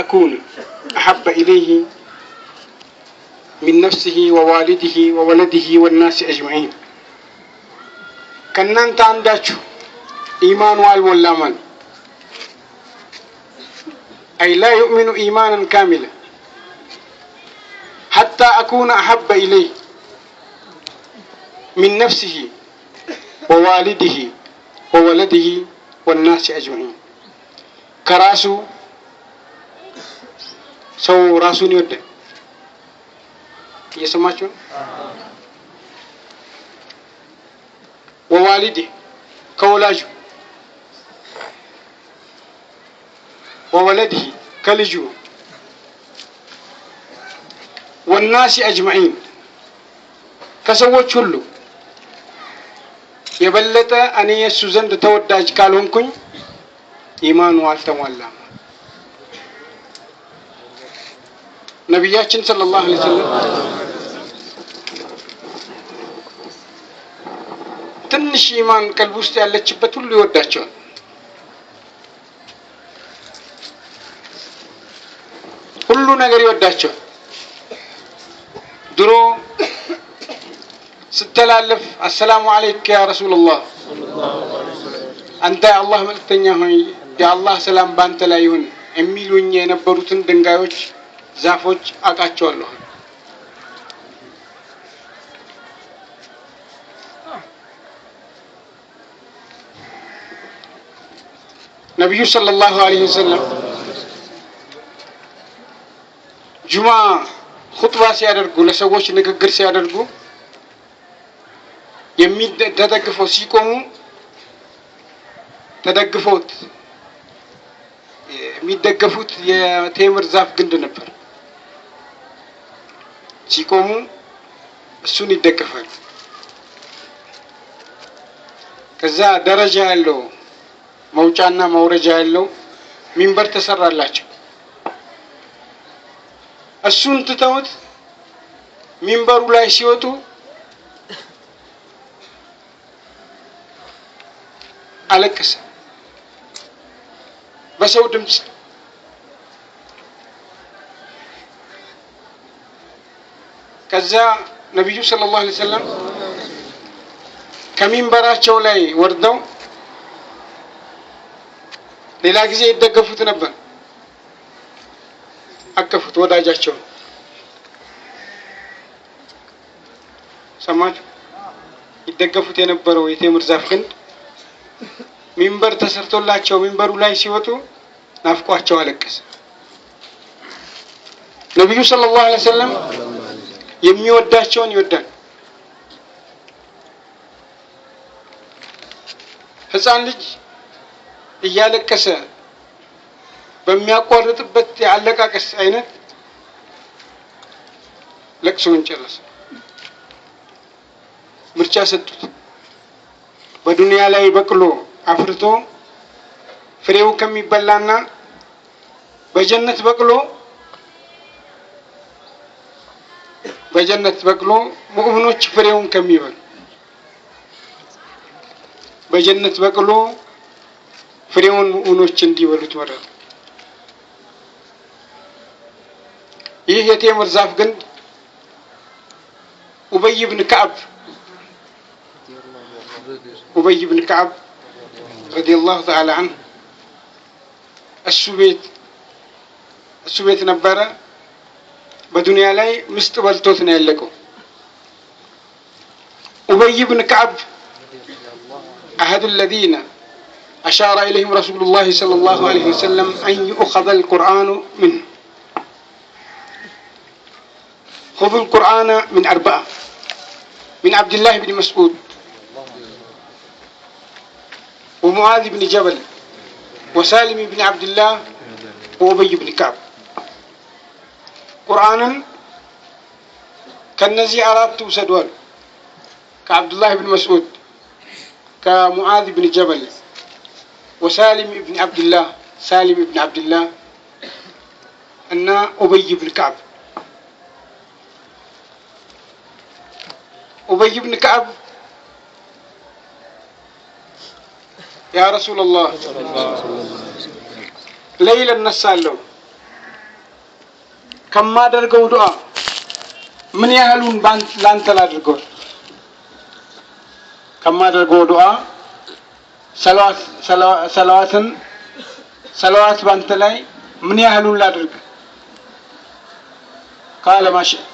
أكون أحب إليه من نفسه ووالده وولده والناس أجمعين كنان تانداتشو إيمان والولامان أي لا يؤمن إيمانا كاملا حتى أكون أحب إليه من نفسه ووالده وولده والناس أجمعين كراسو ሰው ራሱን ይወዳል። እየሰማችሁ ነው። ወዋሊዲ ከወላጁ ወወለድ ከልጁ ወናሲ አጅማዒን ከሰዎች ሁሉ የበለጠ እኔ የእሱ ዘንድ ተወዳጅ ካልሆንኩኝ ኢማኑ አልተሟላም። ነቢያችን ሰለላሁ ዐለይሂ ወሰለም ትንሽ ኢማን ቀልብ ውስጥ ያለችበት ሁሉ ይወዳቸዋል። ሁሉ ነገር ይወዳቸዋል። ድሮ ስተላለፍ አሰላሙ አለይክ ያ ረሱላላህ፣ አንተ የአላህ መልተኛ ሆይ የአላህ ሰላም በአንተ ላይ ይሁን የሚሉኝ የነበሩትን ድንጋዮች ዛፎች አውቃቸዋለሁ። ነቢዩ ሰለላሁ ዐለይሂ ወሰለም ጁማ ሁጥባ ሲያደርጉ ለሰዎች ንግግር ሲያደርጉ የሚተደግፈው ሲቆሙ ተደግፈውት የሚደገፉት የቴምር ዛፍ ግንድ ነበር። ሲቆሙ እሱን ይደገፋል። ከዛ ደረጃ ያለው መውጫና መውረጃ ያለው ሚንበር ተሰራላቸው። እሱን ትተውት ሚንበሩ ላይ ሲወጡ አለቀሰ በሰው ድምፅ ከዛ ነቢዩ ላሁ ሌ ሰለም ከሚንበራቸው ላይ ወርደው ሌላ ጊዜ ይደገፉት ነበር። አቀፉት ወዳጃቸው ሰማችሁ? ይደገፉት የነበረው የቴምር ዛፍ ግንድ ሚንበር ተሰርቶላቸው ሚንበሩ ላይ ሲወጡ ናፍቋቸው አለቀስ ነቢዩ ሰለላሁ ሌ ሰለም የሚወዳቸውን ይወዳል። ሕፃን ልጅ እያለቀሰ በሚያቋርጥበት የአለቃቀስ አይነት ለቅሶውን ጨረሰ። ምርጫ ሰጡት። በዱንያ ላይ በቅሎ አፍርቶ ፍሬው ከሚበላና በጀነት በቅሎ በጀነት በቅሎ ሙእምኖች ፍሬውን ከሚበሉ በጀነት በቅሎ ፍሬውን ሙእምኖች እንዲበሉት ይወራል። ይህ የቴምር ዛፍ ግንድ ኡበይ ብን ከዓብ ኡበይ ብን ከዓብ ረዲየላሁ ተዓላ አንሁ እሱ ቤት እሱ ቤት ነበረ። بدنيا لاي مستقبل توثنا لكو أبي بن كعب أحد الذين أشار إليهم رسول الله صلى الله عليه وسلم أن يؤخذ القرآن منه خذوا القرآن من أربعة من عبد الله بن مسعود ومعاذ بن جبل وسالم بن عبد الله وأبي بن كعب كان نزي عرات توسدول كعبد الله بن مسعود كمعاذ بن جبل وسالم بن عبد الله سالم بن عبد الله أن أبي بن كعب أبي بن كعب يا رسول الله ليلا نسال له ከማደርገው ዱዓ ምን ያህሉን ላንተ ላድርገው ከማደርገው ዱዓ ሰለዋትን ሰላዋት ባንተ ላይ ምን ያህሉን ላድርግ? ቃለ ማሸእ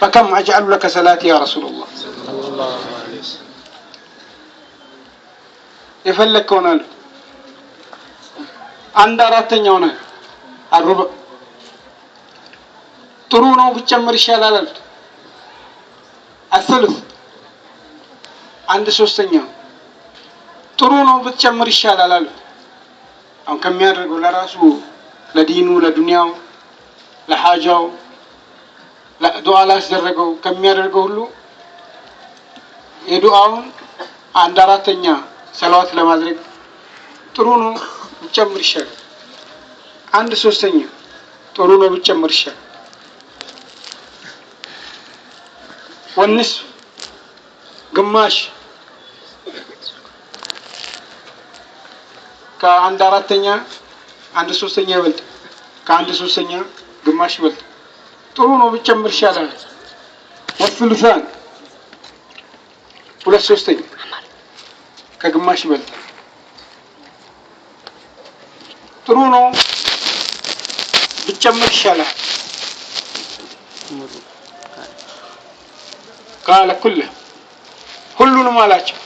ፈከም አጅዐሉ ለከ ሰላቲ ያ ረሱሉላህ የፈለግከውን عند አንድ አራተኛውን الربع ጥሩ ነው ብጨምር ይሻላል አሉት። አስልፍ አንድ ሶስተኛ ጥሩ ነው ብትጨምር ይሻላል አሉት። አሁን ከሚያደርገው ለራሱ ለዲኑ፣ ለዱንያው፣ ለሓጃው ዱዓ ላስደረገው ከሚያደርገው ሁሉ የዱዓውን አንድ አራተኛ ሰላዋት ለማድረግ ጥሩ ነው ብጨምር ይሻላል። አንድ ሶስተኛ ጥሩ ነው ብጨምር ይሻላል። والنصف ግማሽ ከአንድ አራተኛ አንድ ሶስተኛ ይበልጥ ከአንድ ሶስተኛ ግማሽ ይበልጥ ጥሩ ነው ብጨምር ይሻላል። ወሱልሳን ሁለት ሶስተኛ ከግማሽ ይበልጥ ጥሩ ነው ብጨምር ይሻላል። ቃለ ኩለ ሁሉንም አላቸው።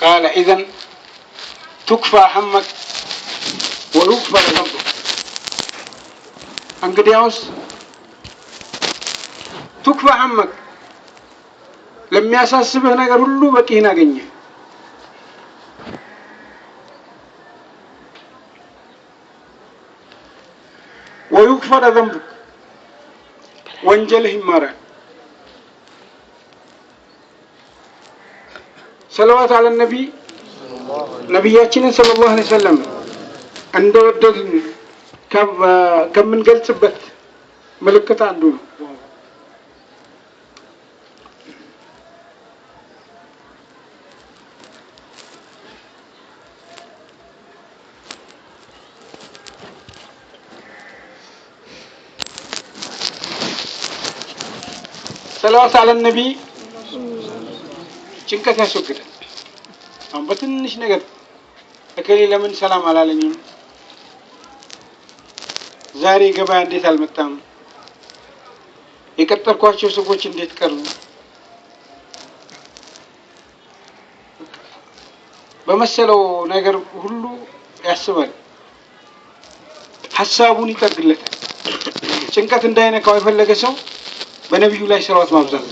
ቃለ ኢዘን ቱክፋ ሐመክ ወዩክፈር ዘንቡ እንግዲያውስ ቱክፋ ሐመክ ለሚያሳስብህ ነገር ሁሉ በቂህን አገኘ። ወዩክፈር ዘንቡ ወንጀልህ ይማራል። ሰለዋት አለ ነቢ ነቢያችንን ሰለላሁ ዐለይሂ ወሰለም እንደወደድን ከምንገልጽበት ምልክት አንዱ ነው። ሰለዋት አለ ነቢ ጭንቀት ያስወግዳል። አሁን በትንሽ ነገር እከሌ ለምን ሰላም አላለኝም፣ ዛሬ ገበያ እንዴት አልመጣም፣ የቀጠርኳቸው ሰዎች እንዴት ቀሩ፣ በመሰለው ነገር ሁሉ ያስባል። ሀሳቡን ይጠርግለታል። ጭንቀት እንዳይነካው የፈለገ ሰው በነቢዩ ላይ ሰራዋት ማብዛት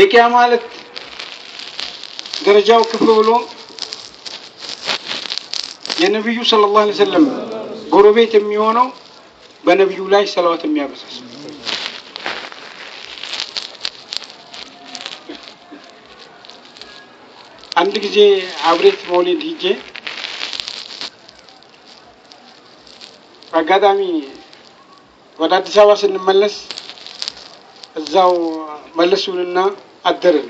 የቂያ ማለት ደረጃው ከፍ ብሎ የነቢዩ ሰለላሁ ዐለይሂ ወሰለም ጎረቤት የሚሆነው በነቢዩ ላይ ሰላዋት የሚያበሰስ አንድ ጊዜ አብሬት መውሊድ ሂጄ አጋጣሚ ወደ አዲስ አበባ ስንመለስ እዛው መለሱንና አደርን።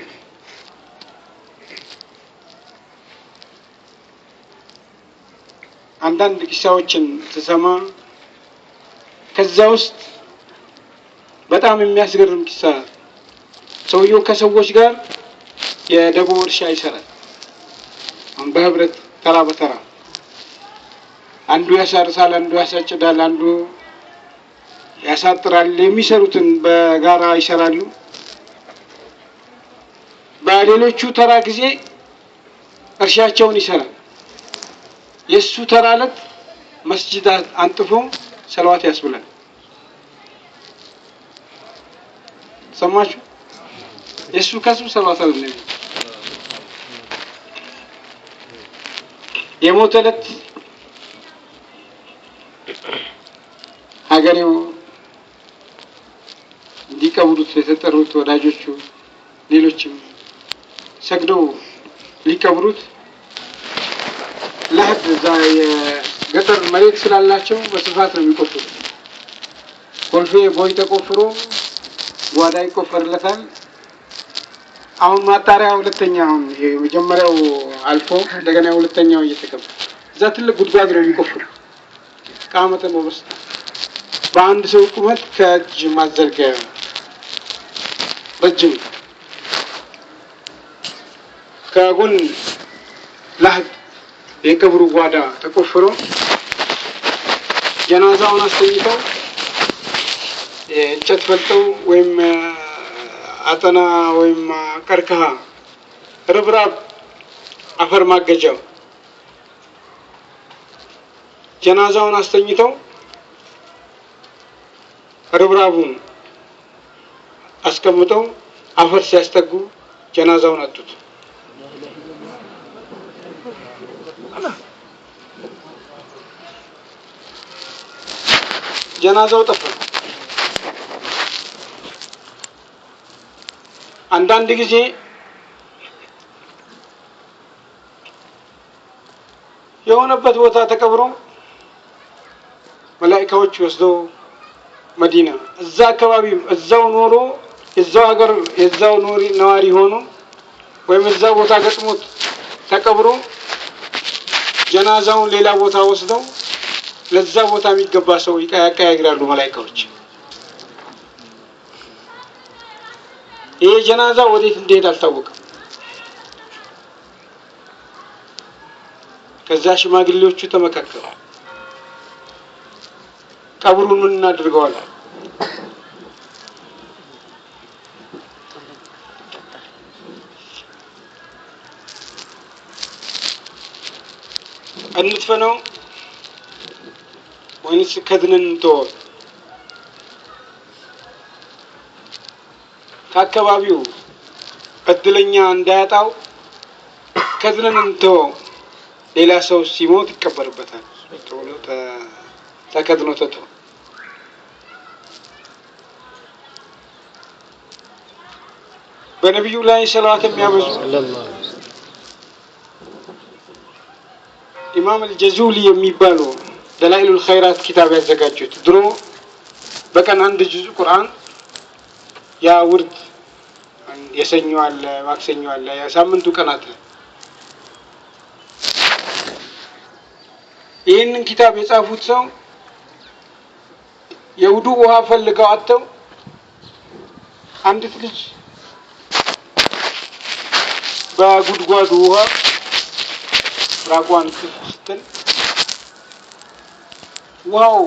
አንዳንድ ኪሳዎችን ስሰማ ከዚያ ውስጥ በጣም የሚያስገርም ኪሳ ሰውየው ከሰዎች ጋር የደቦ እርሻ ይሰራል። በህብረት ተራ በተራ አንዱ ያሳርሳል፣ አንዱ ያሳጭዳል፣ አንዱ ያሳጥራል። የሚሰሩትን በጋራ ይሰራሉ። በሌሎቹ ተራ ጊዜ እርሻቸውን ይሰራል። የእሱ ተራ ዕለት መስጅድ አንጥፎ ሰለዋት ያስብላል። ሰማችሁ? የእሱ ከሱ ሰለዋት አለ። የሞተ ዕለት ሀገሬው እንዲቀብሩት የተጠሩት ወዳጆቹ ሌሎችም ሰግደው ሊቀብሩት ለህድ እዛ የገጠር መሬት ስላላቸው በስፋት ነው የሚቆፍሩት። ኮልፌ ቦይ ተቆፍሮ ጓዳ ይቆፈርለታል። አሁን ማጣሪያ ሁለተኛ አሁን የመጀመሪያው አልፎ እንደገና ሁለተኛው እየተገባ እዛ ትልቅ ጉድጓድ ነው የሚቆፍሩ ከአመተ መበስታ በአንድ ሰው ቁመት ከእጅ ማዘርጊያ በእጅ ነው ከጎን ላህድ የቀብሩ ጓዳ ተቆፍሮ ጀናዛውን አስተኝተው እንጨት ፈልጠው ወይም አጠና ወይም ቀርከሃ ርብራብ አፈር ማገጃው ጀናዛውን አስተኝተው ርብራቡን አስቀምጠው አፈር ሲያስጠጉ ጀናዛውን አጡት። ጀናዛው ጠፋ። አንዳንድ ጊዜ የሆነበት ቦታ ተቀብሮ መላኢካዎች ወስደው መዲና እዛ አካባቢ እዛው ኖሮ የዛው ሀገር የዛው ኖሪ ነዋሪ ሆኖ ወይም እዛ ቦታ ገጥሞት ተቀብሮ ጀናዛውን ሌላ ቦታ ወስደው ለዛ ቦታ የሚገባ ሰው ያቀያግራሉ መላይካዎች። ይሄ ጀናዛ ወዴት እንደሄድ አልታወቀም። ከዛ ሽማግሌዎቹ ተመካከሉ። ቀብሩን ምን እናድርገዋል? እንትፈነው ወይንስ ከድንን እንተወው? ከአካባቢው እድለኛ እንዳያጣው ከድንን እንተወው። ሌላ ሰው ሲሞት ይቀበርበታል። ተከድኖ ተቶ በነቢዩ ላይ ሰላት የሚያበዙ ኢማም አልጀዙሊ የሚባሉ ደላኢሉል ኸይራት ኪታብ ያዘጋጁት። ድሮ በቀን አንድ ጁዝ ቁርአን ያ ውርድ የሰኞ አለ፣ ማክሰኞ አለ፣ የሳምንቱ ቀናት ይህንን ኪታብ የጻፉት ሰው የውዱ ውሃ ፈልገው አጥተው አንዲት ልጅ በጉድጓዱ ውሃ ራቋን ስትል ውሃው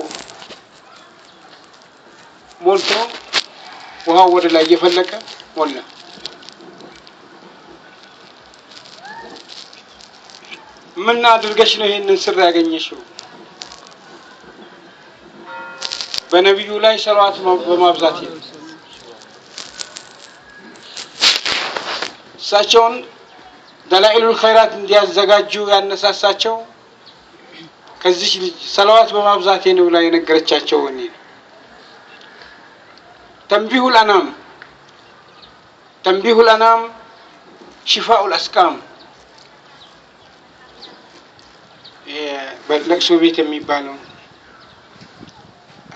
ሞልቶ ውሃው ወደ ላይ እየፈለቀ ሞላ። ምን አድርገሽ ነው ይሄንን ስራ ያገኘሽው? በነቢዩ ላይ ሰለዋት በማብዛት እሳቸውን ደላኢሉል ኸይራት እንዲያዘጋጁ ያነሳሳቸው ከዚህ ልጅ ሰለዋት በማብዛቴ ነው ብላ የነገረቻቸው ወኔ ነው። ተንቢሁ ለናም ተንቢሁ ለናም ሽፋኡ ልአስቃም በለቅሶ ቤት የሚባለው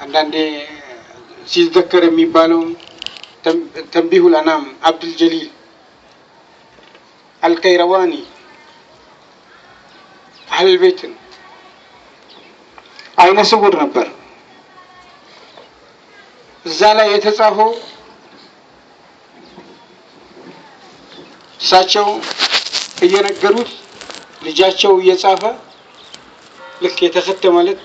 አንዳንዴ ሲዘከር የሚባለው ተንቢሁ ለናም አብዱልጀሊል ጀሊል አልከይረዋኒ አህልቤትን አይነ ስውር ነበር። እዛ ላይ የተጻፈው እሳቸው እየነገሩት ልጃቸው እየጻፈ ልክ የተከተመለት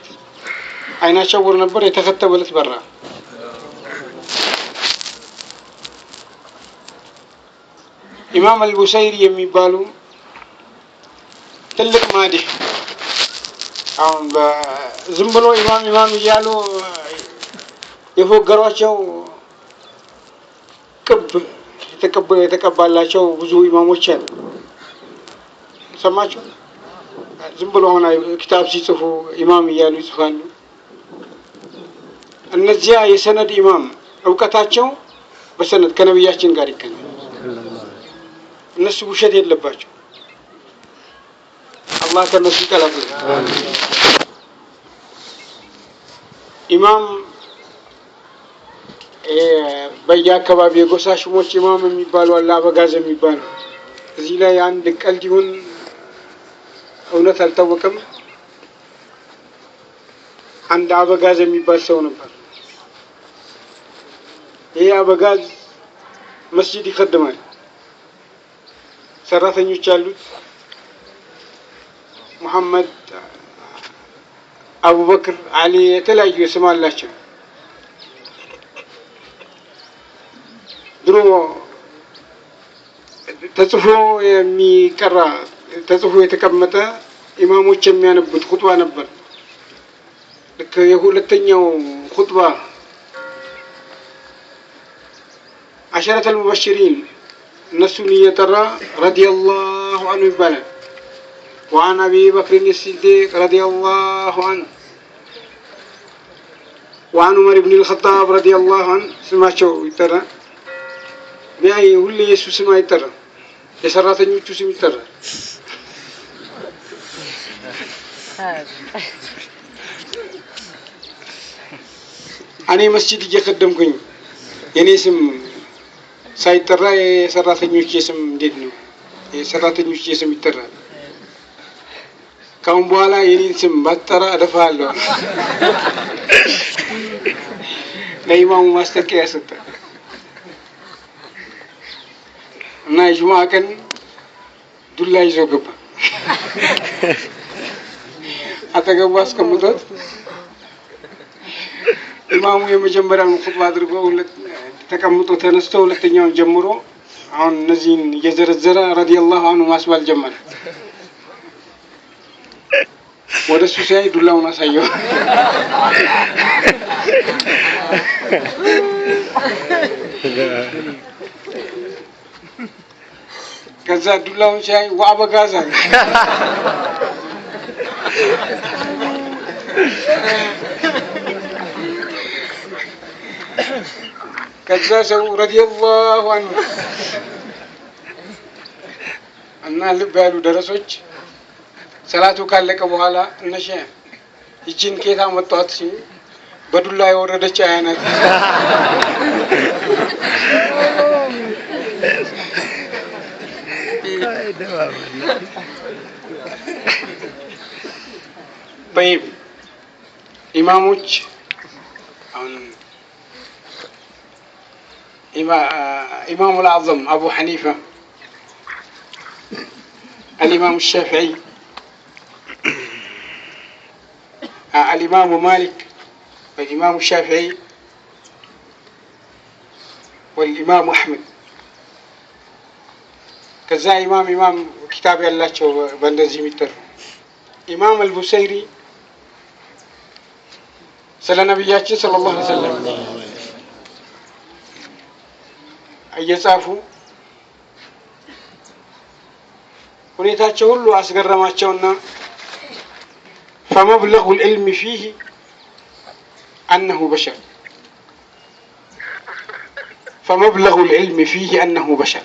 አይናቸው ውር ነበር። የተከተመለት በራ ኢማም አልቡሰይሪ የሚባሉ ትልቅ ማዲህ አሁን ዝም ብሎ ኢማም ኢማም እያሉ የፎገሯቸው ቅብ የተቀባላቸው ብዙ ኢማሞች አሉ። ሰማችሁ? ዝም ብሎ አሁን ኪታብ ሲጽፉ ኢማም እያሉ ይጽፋሉ። እነዚያ የሰነድ ኢማም እውቀታቸው በሰነድ ከነቢያችን ጋር ይገናል። እነሱ ውሸት የለባቸው። አላህ ከነሱ ይቀላቅል። ኢማም በየአካባቢ የጎሳ ሽሞች ኢማም የሚባሉ አለ፣ አበጋዝ የሚባሉ እዚህ ላይ አንድ ቀልድ ይሁን እውነት አልታወቀም። አንድ አበጋዝ የሚባል ሰው ነበር። ይህ አበጋዝ መስጂድ ይከድማል፣ ሰራተኞች አሉት። ሙሐመድ አቡበክር፣ አሊ የተለያዩ ስም አላቸው። ድሮ ተጽፎ የሚቀራ ተጽፎ የተቀመጠ ኢማሞች የሚያነቡት ሁጥባ ነበር። ልክ የሁለተኛው ሁጥባ አሸረተል ሙበሽሪን እነሱን እየጠራ ረዲየላሁ አንሁ ይባላል። وعن أبي بكر الصديق رضي الله عنه وعن عمر بن الخطاب رضي الله عنه ስማቸው ይጠራ ቢያይ ሁሌ የሱ ስም አይጠራ የሰራተኞቹ ስም ይጠራ እኔ መስጂድ እየቀደምኩኝ የኔ ስም ሳይጠራ የሰራተኞች ስም እንዴት ነው? የሰራተኞች ስም ይጠራል። ካሁን በኋላ የኔን ስም ባትጠራ አደፋለሁ። ለኢማሙ ማስጠንቀቂያ ሰጠ እና የጁምዓ ቀን ዱላ ይዞ ገባ። አጠገቡ አስቀምጦት ኢማሙ የመጀመሪያውን ኹጥባ አድርጎ ተቀምጦ ተነስቶ ሁለተኛውን ጀምሮ አሁን እነዚህን እየዘረዘረ ረዲየላሁ አንሁ ማስባል ጀመረ። ወደ እሱ ሲያይ ዱላውን አሳየው። ከዛ ዱላውን ሲያይ ዋበጋዛ ከዛ ሰው ረዲየላሁ አንሁ እና ልብ ያሉ ደረሶች سلاتو كان لك بوالا نشين يجين كيتا متواتسي بدو الله يورد چاينة طيب إماموك إمام العظم أبو حنيفة الإمام الشافعي الإمام مالك والإمام الشافعي والإمام أحمد ከዛ ኢማም ኢማም ኪታብ ያላቸው በእንደዚህ የሚጠሩ ኢማም አልቡሰይሪ ስለ ነቢያችን ሰለላሁ ዐለይሂ ወሰለም እየጻፉ ሁኔታቸው ሁሉ አስገረማቸውና فمبلغ العلم فيه أنه بشر فمبلغ العلم فيه أنه بشر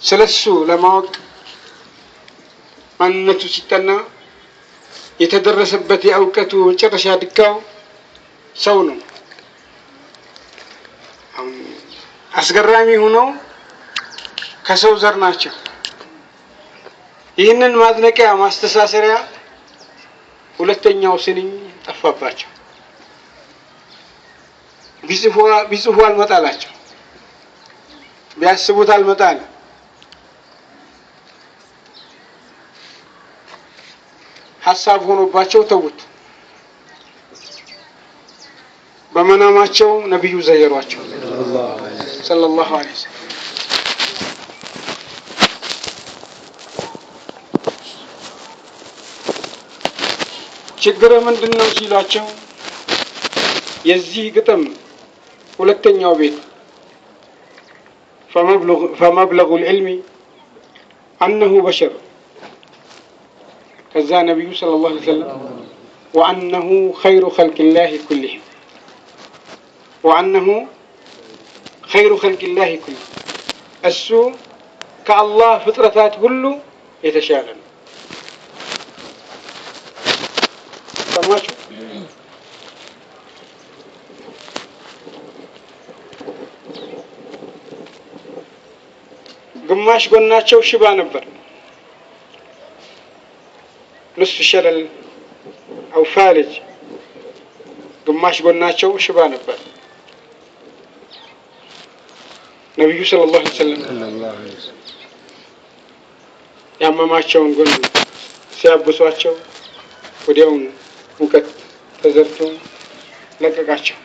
سلسو لماك من ستنا يتدرس بتي أوكتو وشرشا دكاو سونو አስገራሚ ሆኖ ከሰው إنن ናቸው يا ማድነቂያ ማስተሳሰሪያ ሁለተኛው ስንኝ ጠፋባቸው። ቢጽፉ አልመጣላቸው፣ ቢያስቡት አልመጣል። ሀሳብ ሆኖባቸው ተዉት። በመናማቸው ነቢዩ ዘየሯቸው ሰለላሁ ዐለይሂ ወሰለም። ችግር ምንድን ነው ሲሏቸው የዚህ ግጥም ሁለተኛው ቤት ፈመብለጉ ልዕልሚ አነሁ በሸር ከዛ ነቢዩ ሰለላሁ ዐለይሂ ወሰለም ወአነሁ ኸይሩ ኸልቂላሂ ኩሊሂም ወአነሁ ኸይሩ ኸልቂላሂ ኩሊሂም እሱ ከአላህ ፍጥረታት ሁሉ የተሻለ ነው። ሰማችሁ? ግማሽ ጎናቸው ሽባ ነበር። ንሱ ሸለል አው ፋልጅ ግማሽ ጎናቸው ሽባ ነበር። ነቢዩ ሰለላሁ ዐለይሂ ወሰለም ያመማቸውን ጎን ሲያብሷቸው ወዲያውኑ እውቀት ተዘርቶ ለቀቃቸው።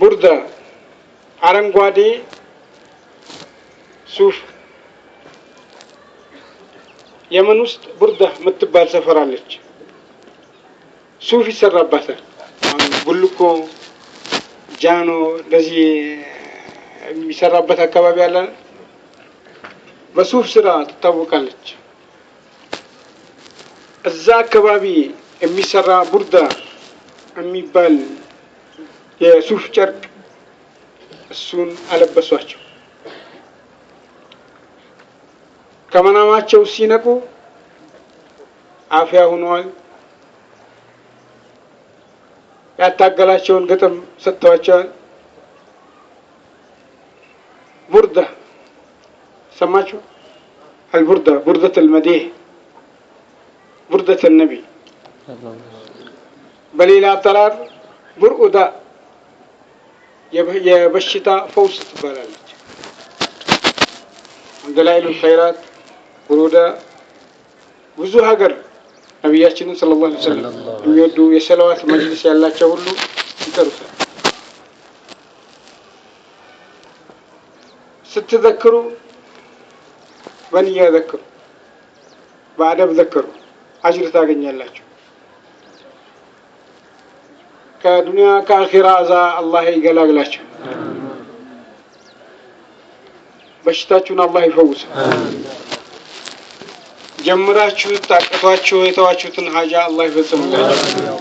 ቡርዳ አረንጓዴ ሱፍ የመን ውስጥ ቡርዳ የምትባል ሰፈር አለች። ሱፍ ይሰራባታል። ቡልኮ ጃኖ እንደዚህ የሚሰራበት አካባቢ አለ። በሱፍ ስራ ትታወቃለች። እዛ አካባቢ የሚሰራ ቡርዳ የሚባል የሱፍ ጨርቅ እሱን አለበሷቸው። ከመናማቸው ሲነቁ አፍያ ሆነዋል። ያታገላቸውን ግጥም ሰጥተዋቸዋል። ቡርዳ ሰማችሁ? አልቡርዳ ቡርደት አልመዲህ ስደት ነቢ በሌላ አጠራር ብርኡዳ የበሽታ ፈውስ ትባላለች። ደላኢሉ ኸይራት ብሩዳ ብዙ ሀገር ነቢያችንን ሰለላሁ ዐለይሂ ወሰለም የሚወዱ የሰለዋት መጅልስ ያላቸው ሁሉ ይጠሩታል። ስትዘክሩ በንያ ዘክሩ፣ በአደብ ዘክሩ። አጅር ታገኛላችሁ። ከዱንያ ከአኺራ እዛ አላህ ይገላግላችሁ። በሽታችሁን አላህ ይፈውስ። ጀምራችሁት ታቅቷችሁ የተዋችሁትን ሀጃ አላህ ይፈጽምላችሁ።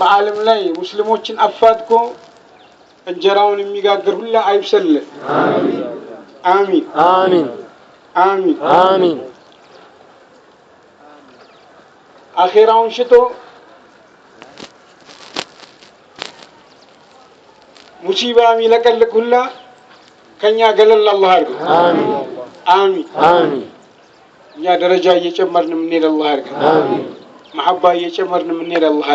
በዓለም ላይ ሙስሊሞችን አፋትኮ እንጀራውን የሚጋግር ሁላ አይብሰልን። አሚን አሚን። አሚን አሚን። አኼራውን ሙሲባ የሚለቀልቅ ሁላ ከኛ ገለል አላህ አድርገው። አሚን አሚን አሚን። እኛ ደረጃ እየጨመርን የምንሄድ አላህ አሚን መሐባ እየጨመርን የምንሄድ አላህ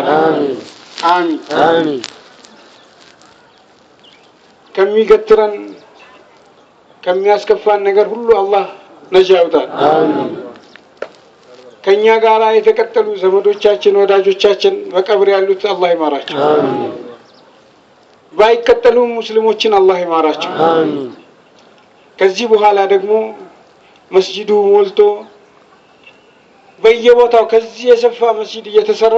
አሚን አሚን። ከሚገትረን ከሚያስከፋን ነገር ሁሉ አላህ ነጃ ያውጣል። ከእኛ ጋር የተቀጠሉ ዘመዶቻችን፣ ወዳጆቻችን በቀብር ያሉት አላህ ይማራቸው። ባይቀጠሉ ሙስሊሞችን አላህ ይማራቸው። ከዚህ በኋላ ደግሞ መስጂዱ ሞልቶ በየቦታው ከዚህ የሰፋ መስጂድ እየተሰራ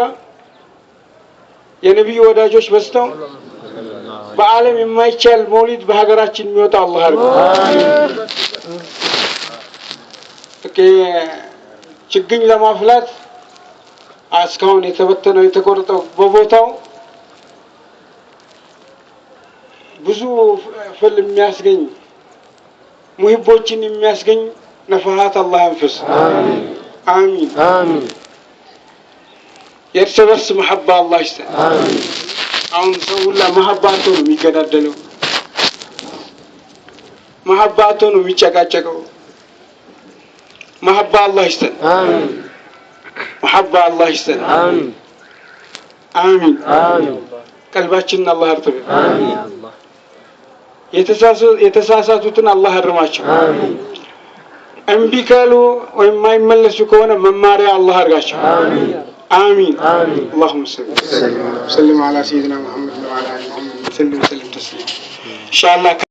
የነቢዩ ወዳጆች በዝተው በዓለም የማይቻል መውሊድ በሀገራችን የሚወጣ አላህ አድርገው። ችግኝ ለማፍላት እስካሁን የተበተነው የተቆረጠው በቦታው ብዙ ፍል የሚያስገኝ ሙሂቦችን የሚያስገኝ ነፍሀት አላህ አንፍስ አሚን አሚን። የእርስ በርስ መሐባ አላህ ይስጠን። አሁን ሰው ሁላ መሀባቶ ነው የሚገዳደለው፣ መሀባቶ ነው የሚጨቃጨቀው። muhabba Allah isten. Amin. Muhabba Allah isten. Amin. Amin. Amin. Kalbaçının Allah artık. Amin. የተሳሳቱትን አላህ አርማቸው። እምቢ ካሉ ወይም የማይመለሱ ከሆነ መማሪያ አላህ አርጋቸው። አሚን። አላሁም ሰለም ሰለም አላ ሰይድና ሙሐመድ ወአላ አሊ ሙሐመድ ሰለም ሰለም ተስሊም ኢንሻአላህ